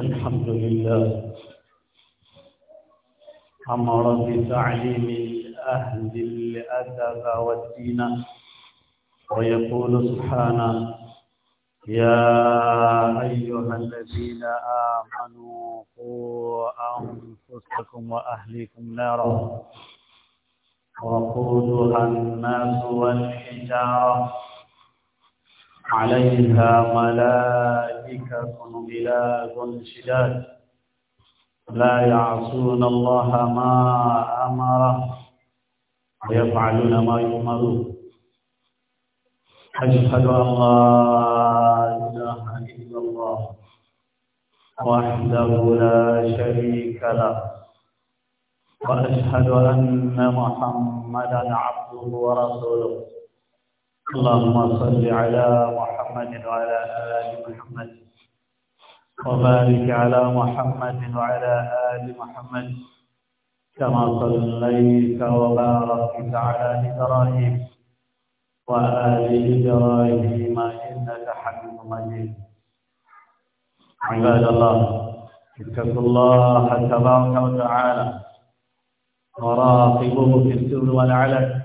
الحمد لله أمر بتعليم أهل الأدب والدين ويقول سبحانه يا أيها الذين آمنوا قوا أنفسكم وأهليكم نارا وقودها الناس والحجارة عليها ملائكة غلاظ شداد لا يعصون الله ما أمره ويفعلون ما يؤمرون أشهد أن لا إله إلا الله وحده لا شريك له وأشهد أن محمدا عبده ورسوله اللهم صل على محمد وعلى آل محمد وبارك على محمد وعلى آل محمد كما صليت وباركت على إبراهيم وآل إبراهيم إنك حميد مجيد عباد الله اتقوا الله تبارك وتعالى وراقبوه في السر والعلن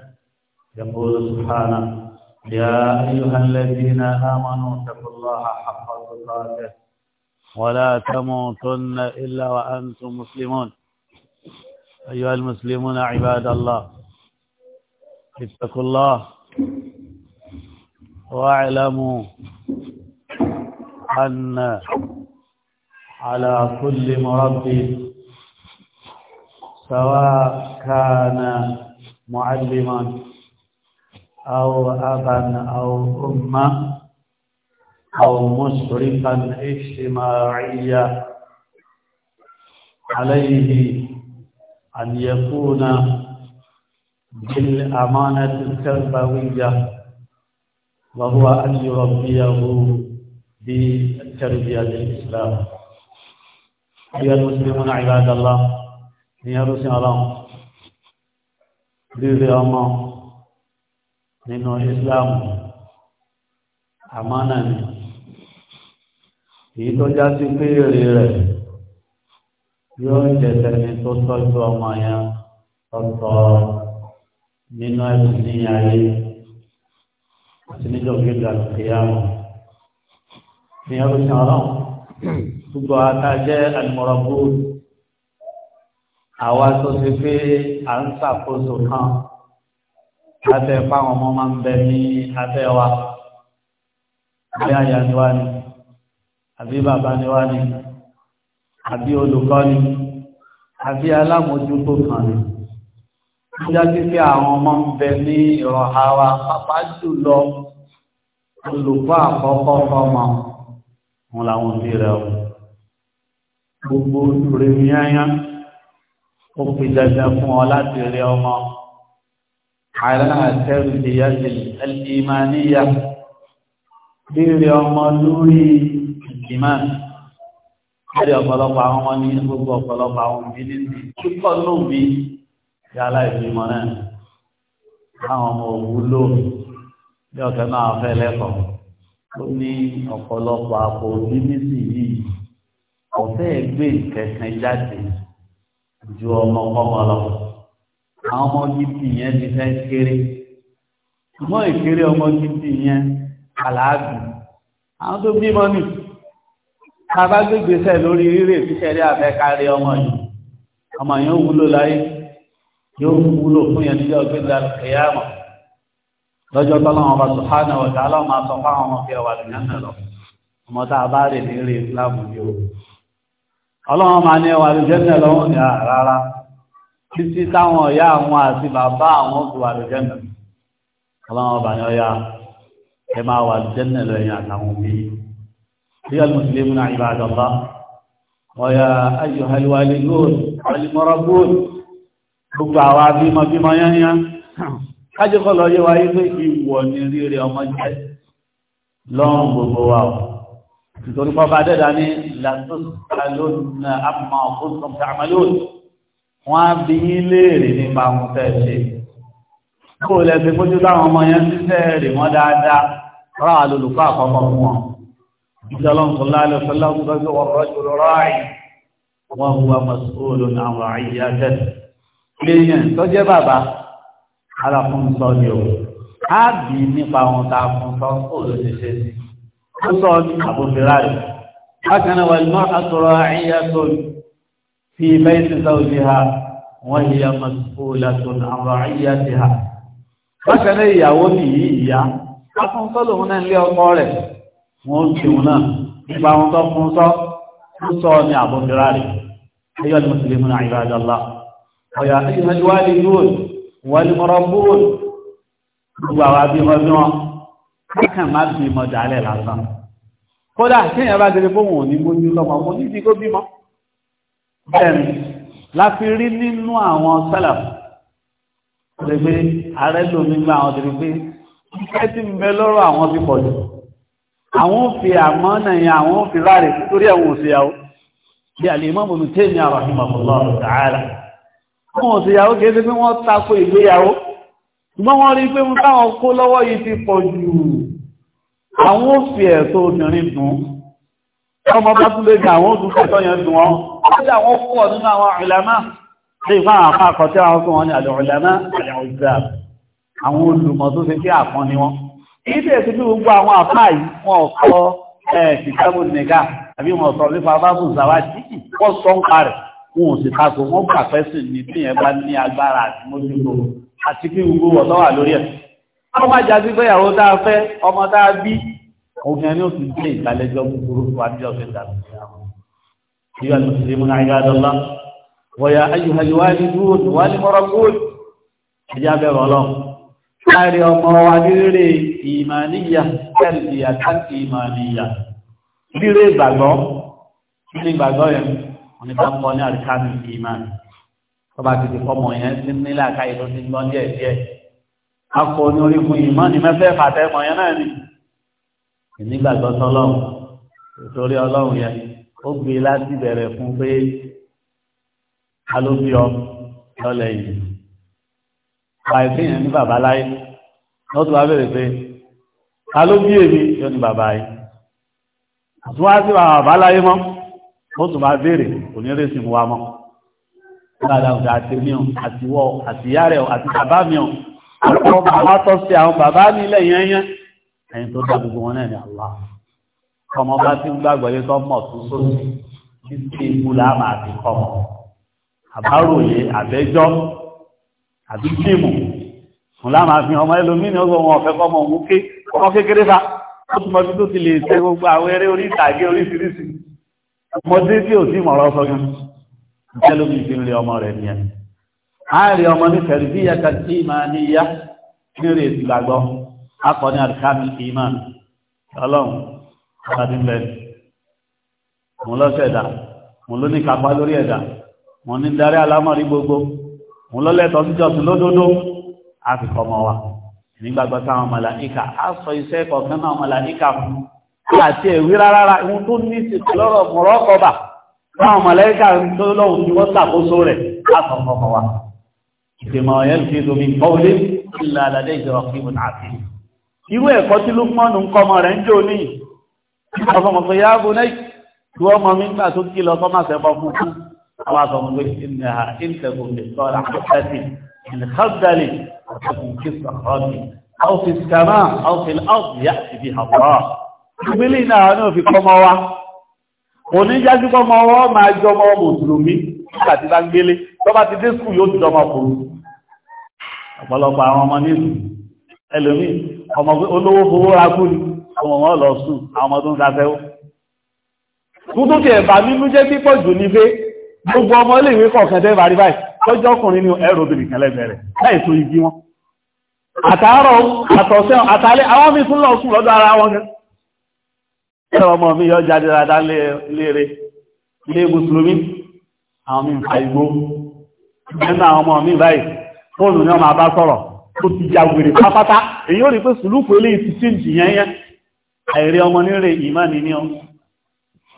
يقول سبحانه يا أيها الذين آمنوا اتقوا الله حق تقاته ولا تموتن إلا وأنتم مسلمون أيها المسلمون عباد الله اتقوا الله واعلموا أن على كل مربي سواء كان معلما أو أبا أو أمة أو مشرفا اجتماعيا عليه أن يكون بالأمانة التربوية وهو أن يربيه بالتربية الإسلام أيها المسلمون عباد الله يا رسول الله بيبي أمان nínú Islam àmánà ni èyí tó já sí pé èrè rẹ̀ yóò jẹ́sẹ̀ ní tó tọ́jú ọmọ yẹn ọ̀tọ̀ nínú ẹ̀sìn ní ayé àti níjọ́ gíga ìyáwó ní ọdún ọlọ́run gbogbo àtàjẹ́ àlùmọ̀rọ̀bù àwa tó ti pé à ń ṣàkóso kan abẹ́ fáwọn ọmọ máa ń bẹ ní abẹ́ wa abẹ́ àyà ni wá ni àbí bàbá ni wá ni àbí olùkọ́ ni àbí alámòjútó kan ni ó jáde pé àwọn ọmọ ń bẹ ní ìrọ̀ha wa pápá jùlọ olùkọ́ àkọ́kọ́ fọmọ wọn làwọn òbí rẹ o gbogbo rèmíyányá ó fi dandan fún ọ láti rí ọmọ. على التربية الإيمانية bíire ọmọ lórí ìdìmán lórí ọ̀pọ̀lọpọ̀ àwọn ọmọ ní gbogbo ọ̀pọ̀lọpọ̀ àwọn òbí nídìí kíkọ́ ló bí yálà ìbímọ náà àwọn ọmọ òwúlò bí ọ̀kẹ́ náà fẹ́ lẹ́kọ̀ọ́ ó ní ọ̀pọ̀lọpọ̀ àpò òbí nísìnyí ọ̀fẹ́ ẹgbẹ́ ìkẹ̀kẹ́ jáde ju ọmọ kọ́mọ lọ àwọn ọmọ gidi yẹn ti fẹ́ kéré mọ́ ìkéré ọmọ gidi yẹn àlàágùn àwọn tó bímọ nì tàbá gbégbèsẹ̀ lórí rírè fíṣẹ́ rí àfẹ́kárí ọmọ yìí ọmọ yìí ó wúlò láyé yóò wúlò fún yẹn níjọ́ gbégbà kìyàmọ̀ lọ́jọ́ tọ́lọ́wọ́n bá sùhánà ọ̀tá aláwọ̀má sọ fáwọn ọmọ fi ọwà lùyánà lọ ọmọ tá a bá rè ní rí islam yìí o ọlọ́wọ́n máa ní ọwà lùyánà lọ́wọ́ ní ah, rárá títí táwọn ọ̀yá àwọn àti bàbá àwọn òkú àlùjẹ́nà ọlọ́run ọba ni ọya ẹ máa wà àlùjẹ́nà lọ ẹ̀yìn àtàwọn òbí bí alùmùsùlùmí náà ìbá àjọba ọya ayò haliwali gold alimọ́ra gold gbogbo àwa bímọ bímọ yányá kájọkọ́ lọ yé wáyé pé ìwọ ni rírẹ ọmọ jẹ lọ́rùn gbogbo wa o nítorí pọ́fà dẹ́dà ní làtúntà lónìí wọ́n á bí yín léèrè nípa àwọn tẹ́ ṣe kó lẹ́sí pójú táwọn ọmọ yẹn ti tẹ́ẹ̀rì wọ́n dáadáa rá lólùkọ́ àkọ́kọ́ fún wọn ìjọlọ́nkọ̀lá lọ́sọ́lọ́gbọ́gbọ́ ọ̀rọ̀ ráì wọ́n wúwa mọ̀síkòlò àwọn àyíyá tẹ́sì léèyàn tó jẹ́ bàbá ara fún sọ ni o á bí nípa àwọn tá a fún sọ kó ló ti ṣe sí ó sọ ní àbòfin ráì bákan náà wà ní mọ́ àtọ̀rọ̀ àyíyá tó في بيت زوجها وهي مسؤولة عن رعيتها bákan náà ìyàwó ní ìyá fún sọ́lò wọn náà lé ọkọ rẹ̀ wọ́n ń fi wọn náà nípa wọn tó fún sọ́ fún sọ́ ní àbọ̀mìrà rẹ̀ ayọ́ ni mùsùlùmí náà ìlú àjọlá ọ̀yà àti ìmọ̀lúwálì yóò wọ́n ní mọ̀rọ̀ bóòl gbogbo àwọn abímọ bí wọn kàn má bímọ dálẹ̀ lásán kódà kéèyàn bá ti rí fóun ò ní mójú lọ́mọ mo ní ti kó bímọ bẹ́ẹ̀ni láfi rí nínú àwọn sálàf lè pé ààrẹ lómi gba àwọn tìrì pé iṣẹ́ tí ń bẹ lọ́rọ̀ àwọn fi pọ̀ jù àwọn ò fi àmọ́ náà yẹn àwọn ò fi ráre torí àwọn òṣìyàwó bí al-Imam Ibn Taymiyyah rahimahullahu ta'ala àwọn òṣìyàwó kìí ṣe pé wọ́n tako ìgbéyàwó ṣùgbọ́n wọ́n rí pé mo táwọn kó lọ́wọ́ yìí ti pọ̀ jù àwọn ò fi ẹ̀tọ́ obìnrin dùn ọmọ bá tún lè gbà àwọn òṣìṣẹ́ tó yẹn dùn ọ́ kódà wọ́n pọ̀ nínú àwọn ìlàmá lè fún àwọn afá àkọtí àwọn fún wọn ní àlọ́ ìlàmá àlọ́ ìgbà àwọn olùmọ̀ tó ṣe sí àkàn ni wọn èyí tẹ̀ sí bí gbogbo àwọn afá yìí wọn kọ́ ẹ̀ kìtàbù nìga àbí wọn sọ nípa bábù sàwájì wọ́n sọ ń parẹ̀ wọn ò sì takò wọn gbà pẹ́ ní tí yẹn أيها المسلمون عباد الله ويا أيها الوالدون والمربون حجاب الله كاري وموالير إيمانية تربية إيمانية rírè ìgbàgbọ́ nínú ìgbàgbọ́ yẹn wọn ni bá ń kọ́ ní àríkánú ìmán tọ́ba ti ti fọmọ yẹn ní nílẹ̀ àkáyé tó ti ń gbọ́n díẹ̀ díẹ̀ akọ ní orígun ìmán ní mẹ́fẹ́ fàtẹ́mọ yẹn náà ni ìnígbàgbọ́ sọlọ́run ìtorí ọlọ́run yẹn ó gbé e láti bẹ̀rẹ̀ fún pé alóbíọ lọ́lẹ̀ yìí àìsíyàn ní bàbá láyé wọ́n tún wá bẹ̀rẹ̀ pé alóbíè mi yóò ní bàbá yìí àtún wá sí bàbá láyé mọ́ wọ́n tún máa bèèrè kò ní rèsì mú wa mọ́ dáadáa ọ̀gá àti mi ọ̀ rẹ̀ àti bàbá mi ọ̀ bàbá tọ́ àwọn bàbá mi lẹ́yìn ẹ̀yẹn ẹ̀yìn tó dá gbogbo wọn náà ní Allah ọmọ bá ti ń gbàgbọ́ yé tó mọ̀ tó sóòtì títí ikú láàmà àti kọmọ àbáròyé àbẹ́jọ́ àbí fíìmù fún láàmà fi ọmọ ẹlòmínì ó wọn ọ̀fẹ́ kọmọ òun ké ọmọ kékeré fa ó túnmọ̀ bí tó ti lè tẹ gbogbo àwọn eré orí ìtàgé oríṣiríṣi ọmọdé tí ò sí mọ̀rọ̀ sọ gan ẹlòmí fi ń lé ọmọ rẹ̀ nìyẹn a rí ọmọ ní tẹ̀lifíyà kan tí máa ní ìyá nírè ìgbàgbọ́ akọni àdìkámi ìmáà ọlọ́run àti ilẹ̀ mo lọ́sẹ̀ ẹ̀dá mo ló ní kápá lórí ẹ̀dá mo ní darí alámọ̀rí gbogbo mo lọ́lẹ́tọ̀ síjọsìn lódodo a fi kọmọ wa nígbàgbọ́ sáwọn màláíkà a sọ iṣẹ́ kọ̀ọ̀kan náà màláíkà fún àti ẹ̀wí rárá ohun tó ní sí lọ́rọ̀ mọ̀rọ́kọ̀bà sáwọn màláíkà tó lọ́wọ́ tí wọ́n ṣàkóso rẹ̀ a sọ kọmọ wa ìfìmọ̀ ọ̀yẹ́ fi domi kọ́wlé ìlàlàdé ìjọ ọ̀kí ìbùn àti irú ẹ̀kọ́ tí lókùnmọ́nù ń rẹ̀ ń jò níyìí ọmọ pé yá bú náà tí wọ́n mọ mi nígbà tó kí lọ sọ́mà sẹ́bọ̀ fún fún àwọn àtọ̀ mọ̀ pé ìnà ìntẹ̀kùn lè sọ ọ́ra àkọ́tẹ́tì ìnìkọ́dàlì àtẹ̀kùn kí sọ̀rọ̀dì áwòfin kàmá áwòfin áwòfin yá ti fi hàn ìbílẹ̀ iná àwọn náà kọ́ mọ́ wa oníjájú kọ́ mọ́ wọ́n máa jọ mọ́ mùsùlùmí nígbà bá ń gbélé tó bá ti dé skul yóò ti dọ́mọ kúrú ọ̀pọ̀lọpọ̀ àwọn ọmọ nílùú ẹlòmí ọmọ olówó fowó rákú ni ọmọ wọn lọ sùn àwọn ọmọ tó ń safẹ́wó tuntun ti ẹ̀bà nínú jẹ́ pípọ̀ jù ní pé gbogbo ọmọ iléèwé kọ̀ọ̀kan tẹ́ bá rí báyìí lọ́jọ́ ọkùnrin ni ẹ̀rọ obìnrin kan lẹ́gbẹ̀ẹ́ rẹ̀ láì tó igi wọn àtàárọ̀ àtọ̀sẹ́ àtàlẹ́ àwọn mi tún lọ sùn lọ́dọ̀ ara wọn gan ẹ̀rọ ọmọ mi yọ jáde dáadáa léèrè ilé mùsùlùmí àwọn mi ń fa igbó nínú àwọn ọmọ mi báyìí fóònù ni wọn máa bá sọ̀rọ̀ tó ti ya wèrè pátápátá èyí ò rí pé sùlùkù eléyìí ti sí ìjìyàn yẹn àìrí ọmọ nílé ìmáàni ní ọ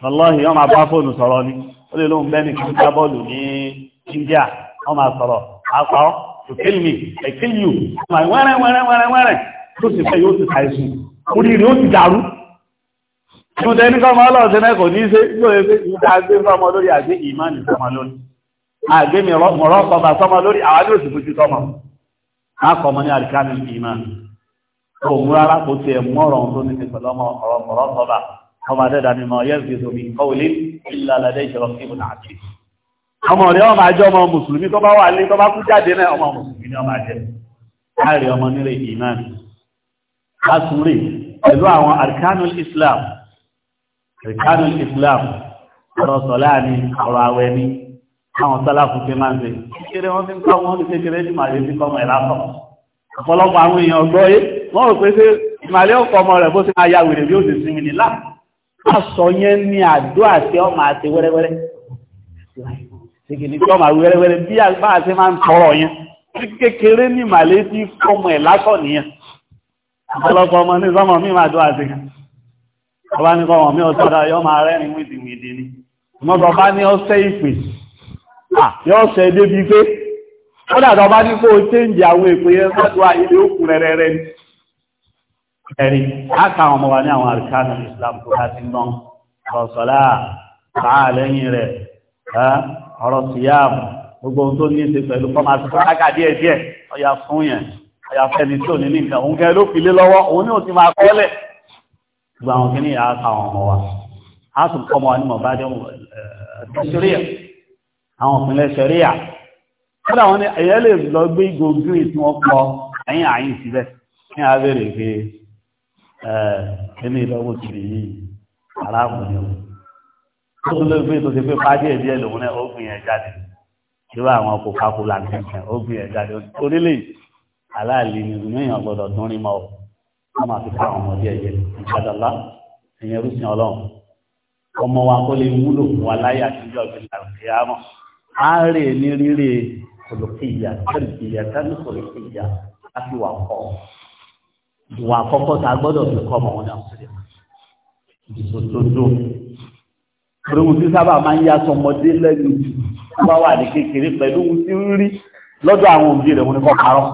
ọlọ́hì ọmọ abá fóònù sọ̀rọ̀ ni ó lè lóun bẹ́ẹ̀ ní bọ́ọ̀lù ní India ọmọ àsọ̀rọ̀ àpá ọ́ to kill me I kill you ọmọ wẹ́rẹ́ tó sì fẹ́ yóò ti ṣàìsùn ó ti dàrú àgbé akọmọ ní àríkámi ìmá òun rárá kò tiẹ̀ mọ́rọ̀ tó ní ti pẹ̀lú ọmọ ọ̀rọ̀ mọ̀rọ̀ sọ́bà ọmọ adẹ́dà ni mọ̀ yẹ́ ìgbésò mi kọ́wìlì ìlàlẹ́dẹ́ ìṣẹ̀rọ̀ sí ìbùnà àti ọmọ rẹ̀ ọmọ àjọ ọmọ mùsùlùmí tó bá wà lé tó bá kú jáde náà ọmọ mùsùlùmí ni ọmọ àjẹ láàrin ọmọ nílé ìmá látúrí pẹ̀lú àwọn àríkánul Islam àríkánul Islam ọ̀rọ̀ sọ̀lá ni ọ̀rọ̀ àwẹ̀ ni àwọn sálàfù ti máa ń ṣe kékeré wọn fi ń kọ́ wọn ní kékeré ní màlẹ́ fi kọ́ ọmọ ẹ̀ lásán ọ̀pọ̀lọpọ̀ àwọn èèyàn gbọ́ yé wọ́n rò pé ṣé ìmàlẹ́ ọkọ̀ ọmọ rẹ̀ bó ṣe máa ya wèrè bí ó sì sinmi ní lá àṣọ yẹn ní àdó àti ọmọ àti wẹ́rẹ́wẹ́rẹ́ ṣèkìní tí ọmọ àti wẹ́rẹ́wẹ́rẹ́ bí àgbà àti máa ń tọrọ yẹn kékeré ní màlẹ́ fi kọ́ ọmọ ẹ̀ lásán nìyẹn ọ̀pọ̀lọpọ̀ ọmọ ní yọ sọ ẹ débi pé ó dàtọ̀ bá ní kó o chéǹjì àwọn èpè yẹn sọ́dọ̀ àìlè òkú rẹ̀rẹ̀rẹ̀ ni ẹ̀rí láka àwọn ọmọ wa ní àwọn àríkánù Islam tó láti ń dán ọ̀sọ̀lá àá lẹ́yìn rẹ̀ ọ̀rọ̀ síyáàmù gbogbo ohun tó ní ṣe pẹ̀lú kọ́ máa sọ láka díẹ̀ díẹ̀ ọya fún yẹn ọya fẹ́ni tí ò ní nìkan òun kẹ́ ló fi lé lọ́wọ́ òun ní òsì máa kọ́lẹ̀ gbogbo àwọn kìíní àáka àwọn ọmọ wa a sì kọ́ ọmọ wa ní mọ̀ bá dé ọmọ ẹ̀ àwọn òpinlẹ̀ ṣẹ̀ríyà kódà wọn ni ẹ̀yẹ́ lè lọ gbé ìgò green tí wọ́n pọ̀ ẹ̀yìn àyìn síbẹ̀ ní abẹ́rẹ́ pé ẹni ìlọ́wọ́ ti rí yìí arákùnrin o tó lè gbé tó ti pé pàdé ẹ̀bí ẹ̀ lòun náà ó gbìn ẹ̀ jáde irú àwọn Coca-Cola nìkan ó gbìn ẹ̀ jáde orílẹ̀ aláàlì ni ìgbìyàn gbọ́dọ̀ tún rí mọ́ ọ wọ́n máa fi ká àwọn ọmọdé ẹ̀yẹ ìjádọ́lá ọmọ wa kó lè wúlò fún wa láyé àtijọ́ ìgbìyànjú àárẹ̀ ní rírẹ̀ kòlòkìyà kòlòkìyà tẹ́lú kòlòkìyà láti wà kọ́ ìwà àkọ́kọ́ tá a gbọ́dọ̀ fi kọ́ ọmọ wọn náà sílẹ̀ ìdìbò tó dùn torí wọn ti sábà máa ń yá sọmọdé lẹ́nu jù tó bá wà ní kékeré pẹ̀lú wọn ti rí lọ́dọ̀ àwọn òbí rẹ̀ wọn ni kọ́ parọ́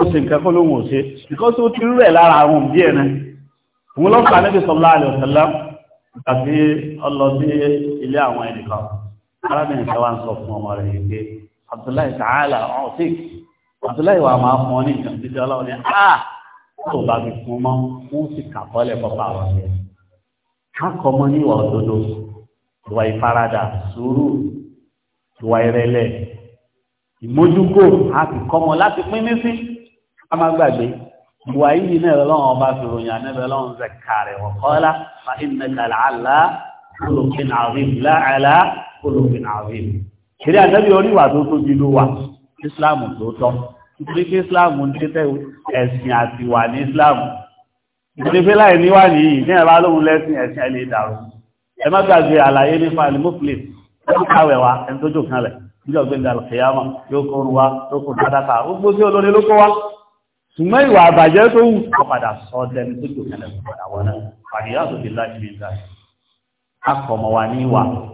ó sì nǹkan kó lóhùn òṣè because ó ti rí rẹ̀ lára àwọn òbí ẹ̀ náà wọn lọ́kàn níbi sallallahu alaihi wasallam àti ọlọ́dẹ ilé àwọn ẹnìkan arábìnrin kan wá ń sọ fún ọmọ rẹ̀ yìí pé abdullahi ta'ala ọ̀sìn abdullahi wa máa fún ọ ní ìjọba títí ọlọ́run ní a tó bá fi fún mọ́ fún sì kàkọ́lẹ̀ pọ́pá wa rẹ̀ kákọ́ mọ́ ní ìwà òdodo ìwà ìfaradà sùúrù ìwà ìrẹ̀lẹ̀ ìmójúkò àti kọ́mọ láti pín ní sí ká má gbàgbé ìwà yìí náà lọ́wọ́ ọba fi ròyìn ànẹ́bẹ̀ lọ́wọ́ zẹ̀kàrẹ̀ wọ̀kọ́lá fa ìnẹ̀kàlà àlá olùkín àrí olùfin àwìn eré àtẹ́bí oníwà tó tóbi ló wà ìsìláàmù tó tọ́ nítorí pé ìsìláàmù ń tẹ́tẹ́ ẹ̀sìn àti wà ní ìsìláàmù ìdílé pé láì níwà nìyí ní ẹ̀rọ alóhun lẹ́sìn ẹ̀sìn ẹ̀ lè dàrú ẹ má gbàgbé àlàyé nípa àlùmọ́fìlì ẹ̀rọ káwẹ̀ wa ẹni tó jò kanlẹ̀ níjọ́ gbẹ̀ngà àlùkìyàmọ̀ yóò kó orun wa tó kó dáadáa ó gbó sí olórin ló kó wa ṣùgbọ́n ìwà àbàjẹ́ tó wù ọ padà sọ dẹni tó jò kanlẹ̀ padà wọnà pàdé yàtọ̀ bí láti bí ń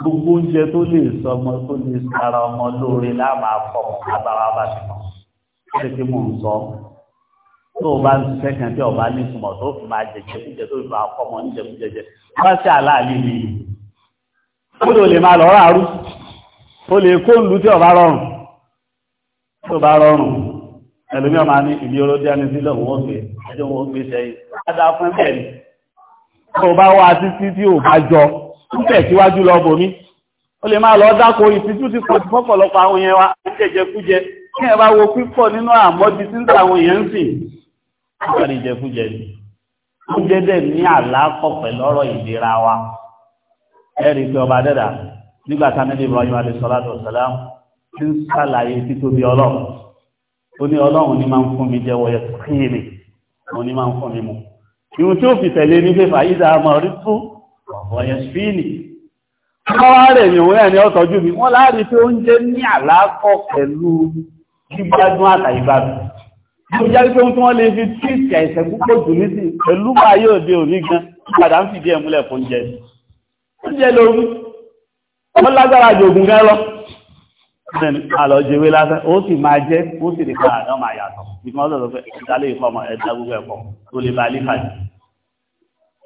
gbogbo oúnjẹ tó lè sọmọ tó lè sara ọmọ lóore láàmà fọ agbára bá ti mọ ṣé kí mò ń sọ tó o bá ń ṣiṣẹ́ kan tí o bá ní ìtumọ̀ tó fi máa jẹjẹ oúnjẹ tó fi máa kọ́ ọmọ oúnjẹ fún jẹjẹ wá sí aláàlí ni kódò lè máa lọ ràárú o lè kó ń lu tí o bá rọrùn tó bá rọrùn ẹlòmíràn máa ní ìdí oró díẹ̀ ní sílẹ̀ òun ó gbé ẹjọ́ òun ó gbé sẹ́yìn á dáa fún ẹ̀mí ń tẹ̀síwájú lọ bòmí ó lè máa lọ dákò ìtìjú ti pọ̀ fọ́pọ̀lọpọ̀ àwọn èèyàn wa ń jẹjẹkújẹ kí ẹ bá wo pípọ̀ nínú àmọ́dí tí ń tà àwọn èèyàn ń sìn nítorí ìjẹkújẹ ni ó jẹ́ dẹ̀ ní àlákọ̀ pẹ̀lú ọ̀rọ̀ ìlera wa ẹ̀rí pé ọba dẹ́dà nígbà tánílé Ibrahim alayhisalatu wasalam ti ń sàlàyé títóbi ọlọ́run ó ní ọlọ́run ní máa ń fún mi jẹ́wọ́ yẹ kíni òun ní máa ń fún mi mu ìhun tí ó fi tẹ̀lé ní pé fàyídà máa rí fún ọ̀yẹ̀sfíìnì wọ́n rẹ̀ ní òun ẹni ọ́tọ́jú mi wọ́n láàrí pé oúnjẹ ní àlákọ̀ pẹ̀lú gbígbádùn àtàìbàdùn ó jẹ́ pé ohun tí wọ́n lè fi tíìsì àìsẹ̀ púpọ̀ jù ní sí pẹ̀lú bá yóò dé òní gan padà ń fìdí ẹ̀ múlẹ̀ fún jẹ oúnjẹ lórí wọ́n lágbára jù ògùn gan lọ àlọ́jẹwé lásán ó sì máa jẹ́ ó sì lè pa àdán máa yàtọ̀ ìfọ́n sọ̀rọ̀ pé ẹ̀dá lè fọmọ ẹ̀dá gbogbo ẹ̀kọ́ tó lè ba lífàdì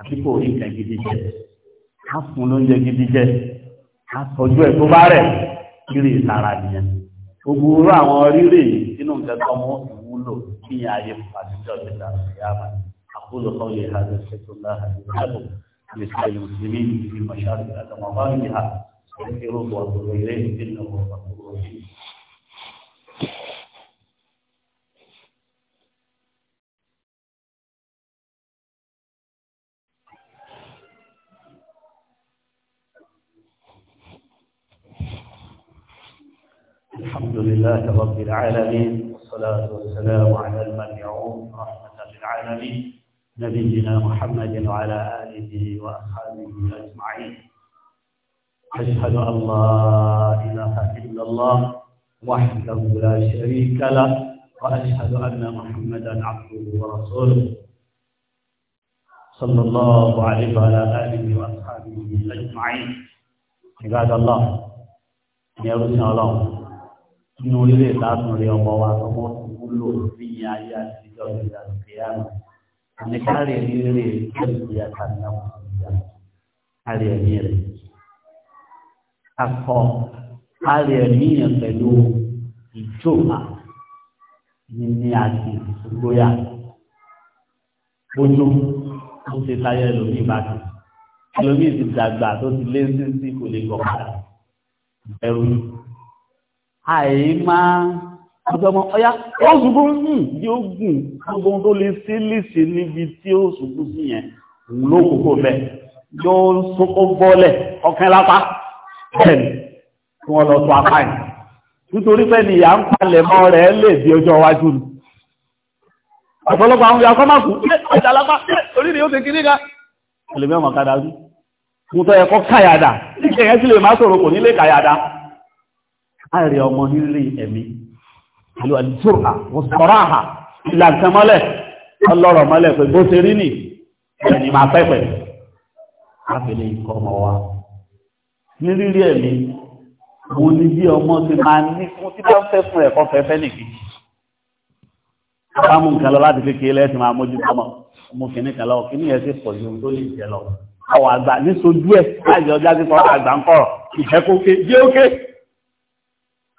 àbí kò rí nǹkan gidi jẹ ká fún lóúnjẹ gidi jẹ ká tọ́jú ẹ̀ tó bá rẹ̀ kiri ìlara nìyẹn gbogbo orú àwọn rírì nínú nǹkan tó mọ́ ìwúlò kí ni ayé pàṣípàṣọ ìlà ìyáàmà àkóso kan lè ha lè ṣètò láhà ìyáàbò لسائر المسلمين في مشارق الأرض ومغاربها استغفروه واتوبوا إليه إنه هو الغفور الرحيم الحمد لله رب العالمين والصلاة والسلام على المنعوم رحمة للعالمين نبينا محمد وعلى آله وأصحابه أجمعين أشهد أن لا إله إلا الله وحده لا شريك له وأشهد أن محمدا عبده ورسوله صلى الله عليه وعلى آله وأصحابه أجمعين عباد الله يا رسول الله nínú orílẹ̀ ìlànà rẹ̀ ọmọ wa ọmọ ìwúlò ní ayé àtijọ́ ìdàgbéyàwó àníkárí rírè ìjọba àtàlẹ́wò ìjà kárí ẹ̀mí rẹ̀. Akọ kárí ẹ̀mí yẹn pẹ̀lú ìjọba níní àti ìgbóyà. Ojú ó ti táyé ẹlòmíì bákan. Ẹlòmíì ti dàgbà tó ti lé sí sí kò lè gbọ̀kadà. Ẹrù yìí àì máa ọjọ́mọ́ ọya ó ṣubú yìí bí ó gùn gbogbo tó lè sí lìsì níbi tí ó ṣubú sí yẹn ló kòkó bẹ yóò sókó bọ́lẹ̀ ọkàn lápá bẹ́ẹ̀ni kí wọ́n lọ tó apá yìí nítorí pé ni ìyá ń palẹ̀ mọ́ rẹ̀ lè di ọjọ́ iwájú ni ọ̀pọ̀lọpọ̀ àwọn ìyàkọ́ máa kú ọjà lápá orí ni ó ti kiri ká ẹlẹ́mẹ́ ọmọ kádà rí mo tọ́ ẹ̀kọ́ káyàdà tí kẹ̀yẹ́ sí lè sọ̀rọ̀ kò nílé káyàdà àìrí ọmọ nílé ẹ̀mí pẹ̀lú àdìsúrà mùsùlùmáà ìlànà mọ́lẹ̀ ọlọ́rọ̀ mọ́lẹ̀ pé bó ṣe rí nì ẹni máa pẹ́pẹ́ lábẹ́lẹ̀ ikọ̀ ọmọ wa ní rírí ẹ̀mí mo ní bí ọmọ ti máa ní fún tí bá fẹ́ fún ẹ̀kọ́ fẹ́fẹ́ nìkí bá mú nǹkan lọ láti kékeré lẹ́sìn máa mójú tọmọ mo kìíní kan lọ kìíní yẹn ti pọ̀ ju ohun tó lè jẹ lọ àwọn àgbà ní sojú ẹ̀ láì jẹ́ ọjà sí kọ́ àgbà ń kọ̀rọ̀ ìfẹ́ kókè jẹ́ ókè.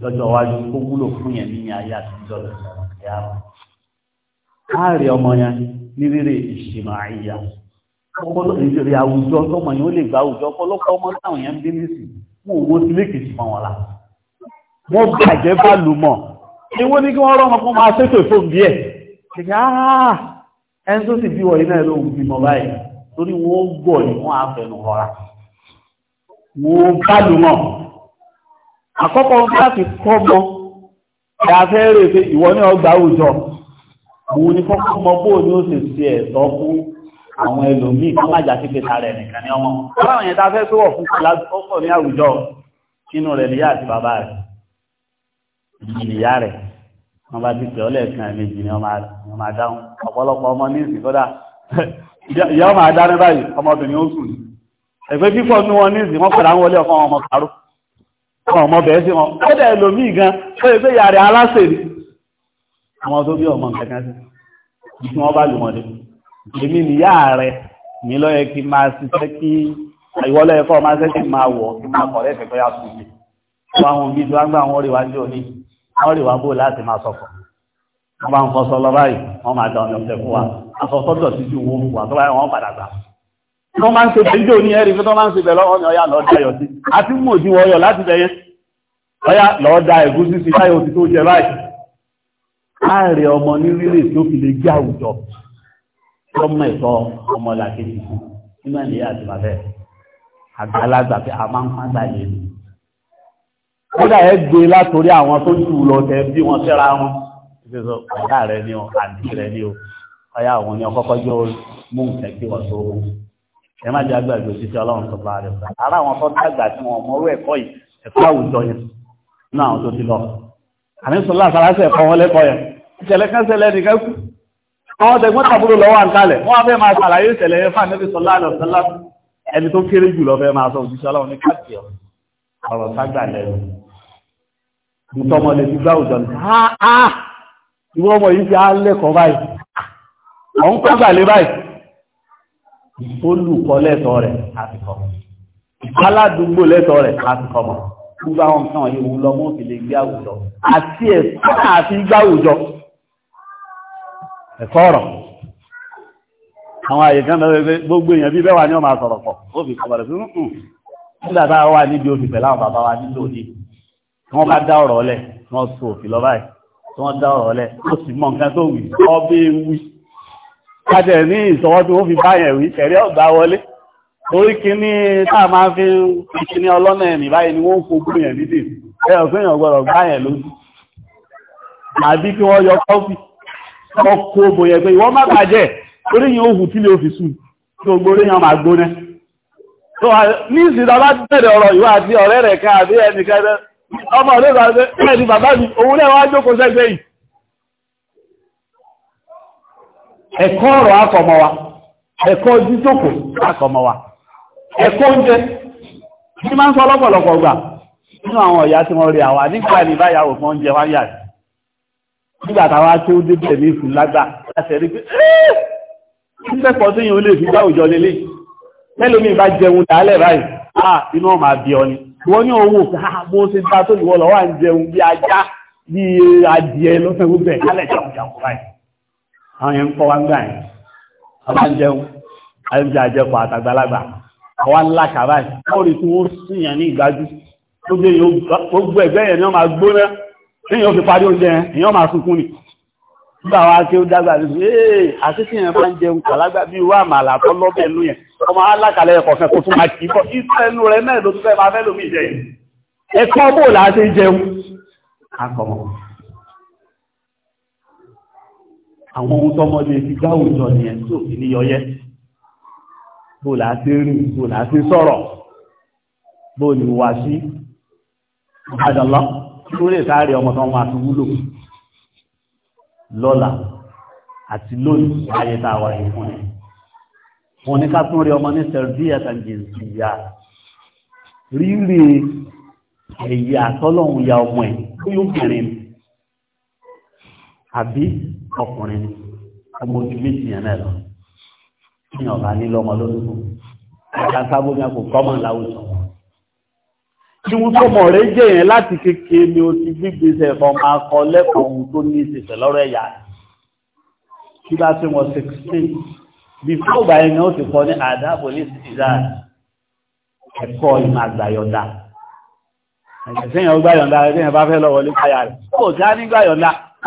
lọ́jọ́ iwájú kó wúlò fún yẹn ní ayé àtijọ́ ìyá káàrí ọmọ yẹn ní rírì ìṣìmọ̀ àyíyá ọpọlọ ìṣẹ̀lẹ̀ àwùjọ tọmọ yẹn ó lè gba àwùjọ ọ̀pọ̀lọpọ̀ ọmọ táwọn yẹn ń bí nísì wọn ò wo sílé wọn la wọn bàjẹ́ bá lù mọ̀ ni wọ́n ní kí wọ́n rọ́mọ kó máa ṣètò fún bí ẹ̀ kìkì áá ẹni tó sì bí wọ̀nyí náà ló ń bímọ báyìí torí wọn ó gbọ̀ ni wọ́n á wọn ó bá lù mọ̀ àkọ́kọ́ láti kọ́mọ ìyàfẹ́ rẹ̀ pé ìwọ ní ọgbà òjò òun ni kọ́kọ́ mọ bóò ní ó sì sí ẹ̀tọ́ fún àwọn ẹlòmíì kọ́ máa jàsí pé tààrẹ nìkan ní ọmọ láwọn yẹn tafẹ́ tó wọ̀ fún kọ́kọ́ ní àwùjọ nínú rẹ̀ níyà àti bàbá rẹ̀ ìyá rẹ̀ wọ́n bá ti pẹ̀ ọ́ lẹ́ẹ̀kan méjì ni wọ́n máa dáhùn ọ̀pọ̀lọpọ̀ ọmọ ní ìsìn kódà ìyá ọmọ àdáni báyìí ọmọbìnrin ó sùn ẹgbẹ́ pípọ̀ ní wọn ní ìsìn wọ́n padà ń wọlé ọkọ̀ ọmọ kàrú ọmọ bẹ̀ẹ́ sí wọn ó dẹ̀ lòmí gan ó yẹ pé yàrá aláṣẹ ni àwọn tó bí ọmọ kankan sí tí wọ́n bá lù wọ́n dé èmi nìyá rẹ̀ mi lọ́yẹ kí máa ṣiṣẹ́ kí ìwọ́lọ́ ẹ̀kọ́ máa ṣẹ́ kí máa wọ̀ kí máa kọ̀ lẹ́sẹ̀ pẹ́yà fún mi wọ́n àwọn òbí tí wọ́n gbà wọ́n rí wá jò ní wọ́n rí wá bó láti máa sọ̀kọ̀ wọ́n bá ń fọṣọ lọ báyìí wọ́n máa dán ọ̀nà ọ̀sẹ̀ fún wa aṣọ tọ́jọ́ ju owó fún tó báyìí wọ́n padà gbà wọ́n máa ń ṣe ìjọ ní ẹ̀rí fún tó máa ń ṣe bẹ̀lọ́ ọ̀nà ọ̀yá lọ́ọ́ dayọ̀ sí àti mú òdí wọ́yọ̀ láti bẹ̀yẹ ọ̀yá lọ́ọ́ da ẹ̀gúsí sí láyé òtí tó jẹ báyìí láàrẹ ọmọ ní rírè tó fi lè gbé àwùjọ lọ́mọ ẹ̀tọ́ ọmọ làkejì fún nínú ẹ̀lẹ́ àti bàbẹ́ àgbàlagbà pé a máa ń pán dàyè ni kódà ẹ gbé látòrí àwọn tó jù lọ tẹ bí wọn fẹ́ra wọn ìfẹsọ ọ̀gá rẹ ni ọ àǹtí rẹ ni ọ ọ̀yá ẹ má jẹ́ agbàgbé òṣìṣẹ́ ọlọ́run sọ̀rọ̀ àrẹ ọ̀sán ara àwọn tó dàgbà tí wọn mọ orú ẹ̀kọ́ yìí ẹ̀kọ́ àwùjọ yẹn ní àwọn tó ti lọ àní sọlá àsàlásẹ̀ ẹ̀kọ́ wọn lẹ́kọ̀ọ́ yẹn ìṣẹ̀lẹ̀ kan ṣẹlẹ̀ nìkan kú àwọn tẹ̀gbọ́n tàbúrò lọ́wọ́ àǹkálẹ̀ wọ́n á fẹ́ máa ṣàlàyé ìṣẹ̀lẹ̀ yẹn fún àníbi sọlá àrẹ ọ̀sán ẹni tó kéré jù lọ fẹ́ máa sọ òṣìṣẹ́ ọlọ́run ní káàkiri ọ̀rọ̀ ságbà lẹ́nu ha ha ìwọ́n ọmọ yìí ti á lẹ́kọ̀ọ́ báyìí àwọn kọ́gbà olùkọ́ lẹ́tọ̀ rẹ̀ àtìkọ́ aládùúgbò lẹ́tọ̀ rẹ̀ àtìkọ́ mọ̀ gbogbo àwọn nǹkan wọ̀nyí òun lọ mọ́ òfin lè gbé àwùjọ àti ẹ̀kọ́ àti gbáwùjọ ẹ̀kọ́ ọ̀rọ̀ àwọn àyè kan lọ́wọ́ pé gbogbo èèyàn bí bẹ́wà ní ọmọ àsọ̀rọ̀ pọ̀ ó fi kọ̀bọ̀rẹ̀ fún un nígbà tá a wà níbi òfin pẹ̀lú àwọn bàbá wa nílò ní wọ́n bá dá ọ̀rọ̀ lẹ̀ wọ́n so òfin lọ báyìí wọ́n dá ọ̀rọ̀ lẹ̀ ó sì mọ nǹkan tó wì ọ́ bí wí kájẹ̀ ní ìṣọwọ́ tí wọ́n fi báyẹ̀ wí ṣẹ̀rí ọ̀gbà wọlé torí kí ní táà máa fi ń kí ní ọlọ́nà ẹ̀mì báyìí ni wọ́n kó gbìyàn dídì ẹ̀yọ̀ fún èèyàn gbọ́dọ̀ gbáyẹ̀ lójú àbí kí wọ́n yọ kọ́fì ọkọ̀ òbòyẹ pé ìwọ́n má bàjẹ́ torí yìí ó hù tí lè fi sùn tó gbórí yan máa gbóná tó ní ìsìn ọlá bẹ̀rẹ̀ ọ̀rọ̀ ìwà àti ọ̀rẹ́ rẹ̀ kan àbí ẹnìkan ọmọ ọ̀rẹ́ ẹ̀kọ́ ọ̀rọ̀ akọmọ wa ẹ̀kọ́ jíjókòó akọmọ wa ẹ̀kọ́ oúnjẹ ní máa ń sọ lọ́pọ̀lọpọ̀ gbà nínú àwọn ọ̀yá tí wọ́n rí àwa nígbà ní báyàwó fún oúnjẹ wá yà nígbà táwa tí ó débẹ̀ ní ìfún lágbà láti rí pé ẹ́ẹ̀kọ́ tí yìí ó lè fi gbá òjò lélẹ̀ mẹ́lòmí bá jẹun dálẹ̀ báyìí ah inú ọmọ àbí ọ ni wọ́n ní owó bó ṣe dá tó ìwọ lọ́wọ́ à ń jẹun bí ajá bí adìẹ lọ́sẹ̀ gbogbo ẹ̀ kálẹ̀ jẹun jẹun báyìí àwọn yẹn ń kọ́ wá ń gbà yẹn ọba ń jẹun àyíjẹ àjẹpọ àtàgbàlagbà ọwá ńlá kàbá yìí wọ́n rí tí wọ́n sì yàn ní ìgbájú tó gbé gbogbo ẹ̀gbẹ́ yẹn ni wọ́n máa gbóná lẹ́yìn ó fi parí oúnjẹ yẹn èèyàn máa sunkún ni nígbà wa kí ó dágbà ní ṣe ee àti tí yẹn bá ń jẹun kàlágbà bí irú àmàlà tó lọ́bẹ̀ ẹnu yẹn ọmọ alákàlẹ̀ ẹ̀kọ́ fẹ́ kó tún máa kì í bọ́ ìfẹ́ ẹnu rẹ mẹ́rin ló tún fẹ́ máa fẹ́ lómi ìjẹ yìí ẹ̀kọ́ bò láti jẹun akọ̀mọ̀ àwọn ohun tọmọdé ti gbá òjò nìyẹn tí òfin ní yọyẹ bó là á ti rìn bó là á ti sọ̀rọ̀ bó ni wà sí ìbádọ́lá tó lè sáré ọmọ tó wọn àti wúlò lọ́la àti lónìí ayé tá a wà yìí fún ẹ wọn ní ká tún rí ọmọ ní sẹ̀rẹ̀díyà tàbí ìyá rírì ẹ̀yà tọ́lọ́hun ya ọmọ ẹ̀ tó yóò kẹrin àbí ọkùnrin ọmọ ojú méjì yẹn lọ ní ọba nílò ọmọ lórúkú ẹ̀ka sábómi àpò kọ́mọ̀ láwùjọ wọn. Ìwú tó mọ̀ rẹ̀ jẹ́ yẹn láti kékeré ni o ti gbígbèsè ẹ̀fọ́ máa kọ lẹ́kọ̀ọ́ ohun tó ní ìṣẹ̀ṣẹ̀ lọ́rọ̀ ẹ̀yà rẹ̀. Kí bá tí wọ́n sixteen bífọ́ ọgbà yẹn ni ó ti kọ́ ní àdá police design ẹ̀kọ́ ìmọ̀ àgbàyọ̀dá. Ẹ̀sẹ̀ yẹn ó gbàyọ̀dá ẹ̀sẹ̀ yẹn bá fẹ́ lọ wọlé káyà rẹ̀. Ó ti á ní gbàyọ̀dá.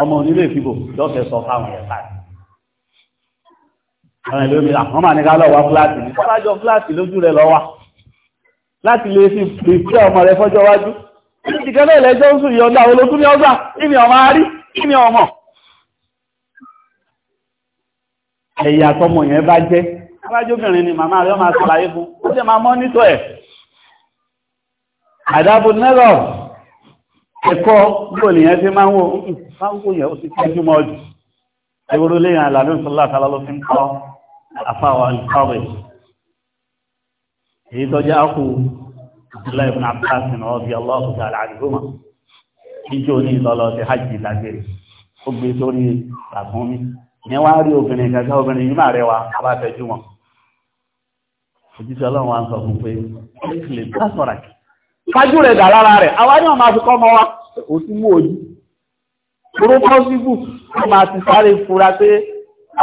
ọmọ onílé ìfibò lọ́fẹ̀ sọ fáwọn ẹ̀ka àwọn ìlú mi àwọn máa ní ká lọ wá fúláàtì ní kọ́lájọ fúláàtì lójú rẹ̀ lọ́wà láti lè fi pèsè ọmọ rẹ̀ fọ́jọ́ wájú ìdíkẹ́ náà lẹ́jọ́ ń sùn ìyọ̀ndà olókún ní ọgbà ìmì ọmọ arí ìmì ọmọ ẹ̀yà tọmọ yẹn bá jẹ́ alájóbìnrin ni màmá rẹ̀ máa sàlàyé fún ó jẹ́ máa mọ́ nítọ̀ ẹ̀ àdábò nẹ́rọ̀ ẹ̀kọ́ gbòlìyàn ti máa ń wò sáńgó yẹn ó ti tẹ́jú mọ́ jù ewúro léyìn àlàní ìsọlá tààlà ló fi ń kọ́ afáwà ìkọ́wé èyí tó jẹ́ àkú abdullahi ibn abbas ní ọbí ọlọ́ọ̀kú tààlà àdìgbòmọ̀ níjó ní ìlọlọ ti hajj lágbèrè ó gbé sórí àkúnmí ní wá rí obìnrin kankan obìnrin yìí máa rẹwà abá tẹ́jú mọ́ òjíṣẹ́ ọlọ́run wa ń sọ fún pé ó lè bá sọ̀rọ̀ kí kájú rẹ̀ dà lára rẹ̀ àwa ni wọ́n máa fi kọ́ ọmọ wa òtún mú oró pọ́síbù tó máa ti sáré fura pé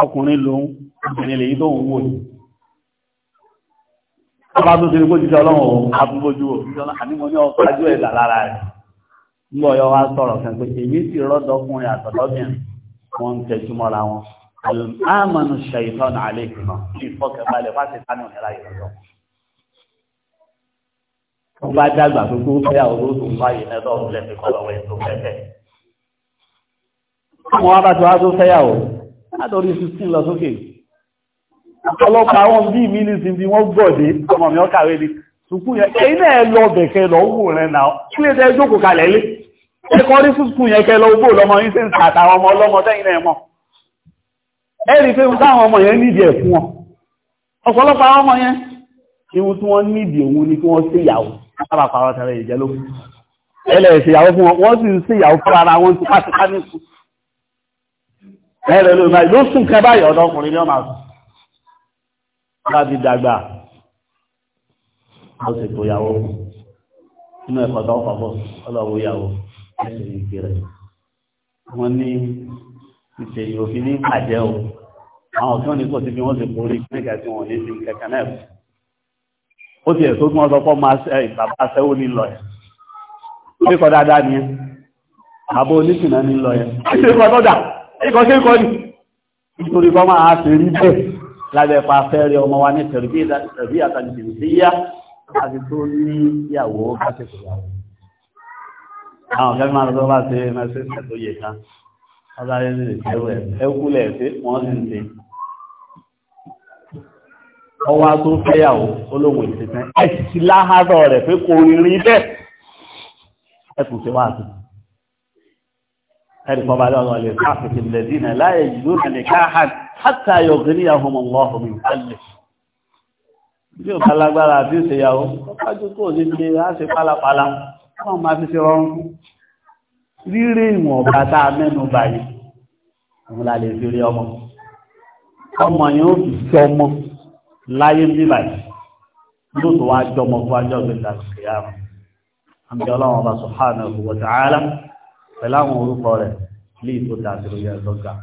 ọkùnrin lòun obìnrin lèyí tó ń wò ní ọba tó tẹ́lẹ̀ kójú ọlọ́run àbúgbójú ànímọ̀ ní ọ̀pájú ẹ̀dà lára rẹ̀ nígbà ọ̀yọ́ wá sọ̀rọ̀ kan pé èyí sì rọ́dọ̀ ọkùnrin àtọ̀lọ́bìnrin wọ́n ń tẹ́jú mọ́ra wọn àmọ́nù ṣàìtọ́nà àlékùnà ní ìfọ́kẹ̀balẹ̀ wá sí kánú ìlà ìrọ̀lọ́ ó bá tó kó fẹ́ àwọn olóòtú ń báyìí lẹ́dọ̀ọ́ lẹ́fẹ̀ẹ́ kọ́lọ́wẹ́ tó fẹ́fẹ́ àwọn abájọ á tó fẹ́yàwó látọrí 16 lọ sókè ọlọ́pàá àwọn bí mínísì bí wọ́n gbọ̀dé ọmọ mi ọkàwé ni sùkú yẹn èyí náà lọ bẹ̀kẹ́ lọ wò rẹ̀ náà kí lè tẹ́ jókòó kalẹ̀ lé ẹkọ́ rí sùkú yẹn kẹ́ lọ gbò lọmọ yín sí ń sàtàwọn ọmọ ọlọ́mọ tẹ́yìn náà mọ̀ ẹ̀rí pé táwọn ọmọ yẹn nídìí ẹ̀ fún wọn ọ̀pọ̀lọpọ̀ àwọn ọmọ yẹn ihun tí wọ́n nídìí òun ni kí wọ́n ṣe ìyàwó lábàpàá ọ̀tẹ̀rẹ̀ ìjẹ́lógún ẹlẹ́ẹ̀ṣẹ̀ ìyàwó fún wọn wọ́n sì ń ṣe ìyàwó fún ara wọn tó pàtíkà nìkú ẹ̀rẹ̀ ló máa yóò sùn kẹ́ báyìí ọ̀dọ́kùnrin ní ọmọ àti láti dàgbà ó sì tó yàwó inú ẹ̀kọ́ tó fọ́fọ́ ọlọ́wọ́ yàwó ẹ̀sìn ìgbé rẹ̀ wọ́n ní ìṣe òfin ní àjẹ́ o àwọn tí wọ́n ní kò sí bí wọ́n sì borí nígbà tí wọ́n ní sí kẹ̀kẹ́ náà ó ti ẹ̀sọ́ tí wọ́n sọ pọ́ máa ṣe bàbá aṣẹ́wó nílọ ẹ̀ ó ní kọ́ dáadáa ni àbó oníṣìnà nílọ ẹ̀ ó ti kọ́ tó ẹ̀kọ́ sí ẹ̀kọ́ ni nítorí kọ́ máa ṣe rí bẹ́ẹ̀ lábẹ́ pa fẹ́rẹ́ ọmọ wa ní tẹ̀rí àtàlùfẹ́ sí yá àti tó ní ìyàwó kásìkò ìyàwó àwọn kẹ́rin máa lọ́wọ́ bá ṣe mẹ́sẹ̀sẹ̀ tó yẹ ká ọlọ́rẹ́ ní ìṣẹ́wẹ̀ ẹkúlẹ̀ sí wọ́n sì ń ṣe ọwọ́ tó fẹ́yàwó olóhùn ìṣẹ́fẹ́ ẹ̀sì láhàdọ̀ rẹ̀ pé kò rí rí bẹ́ẹ̀ ẹkùn ṣe wá àtúntò ẹni kọba lọ́wọ́ lè káàkiri lẹ́dínà láyé ìlú nà ní káàkiri hátà yóò gírí ahùn ọlọ́hùn mi pẹ́lẹ̀ bí o bá lágbára àti ìṣèyàwó ọjọ́ kò ní ṣe á ṣe pálapàla wọ́n máa fi ṣe rọrùn rírè ìwọ̀n ọba tá a mẹ́nu báyìí òun la lè fi ọmọ ọmọ yẹn fi ṣe ọmọ láyé bí báyìí yóò tó wá jọmọ fún ajọ́ ìgbésà ìṣèyàwó àmì ọlọ́run ọba subhanahu wa pẹ̀lú àwọn orúkọ rẹ̀ lè tó dàdúró yẹ lọ́gà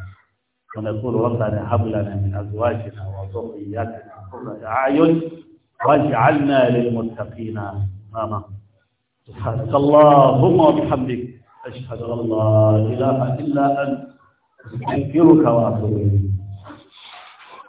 ọ̀nà tó lọ́wọ́ ta ni habula na mina zuwaji na wàzọ́ ìyá أشهد أن لا إله إلا أنت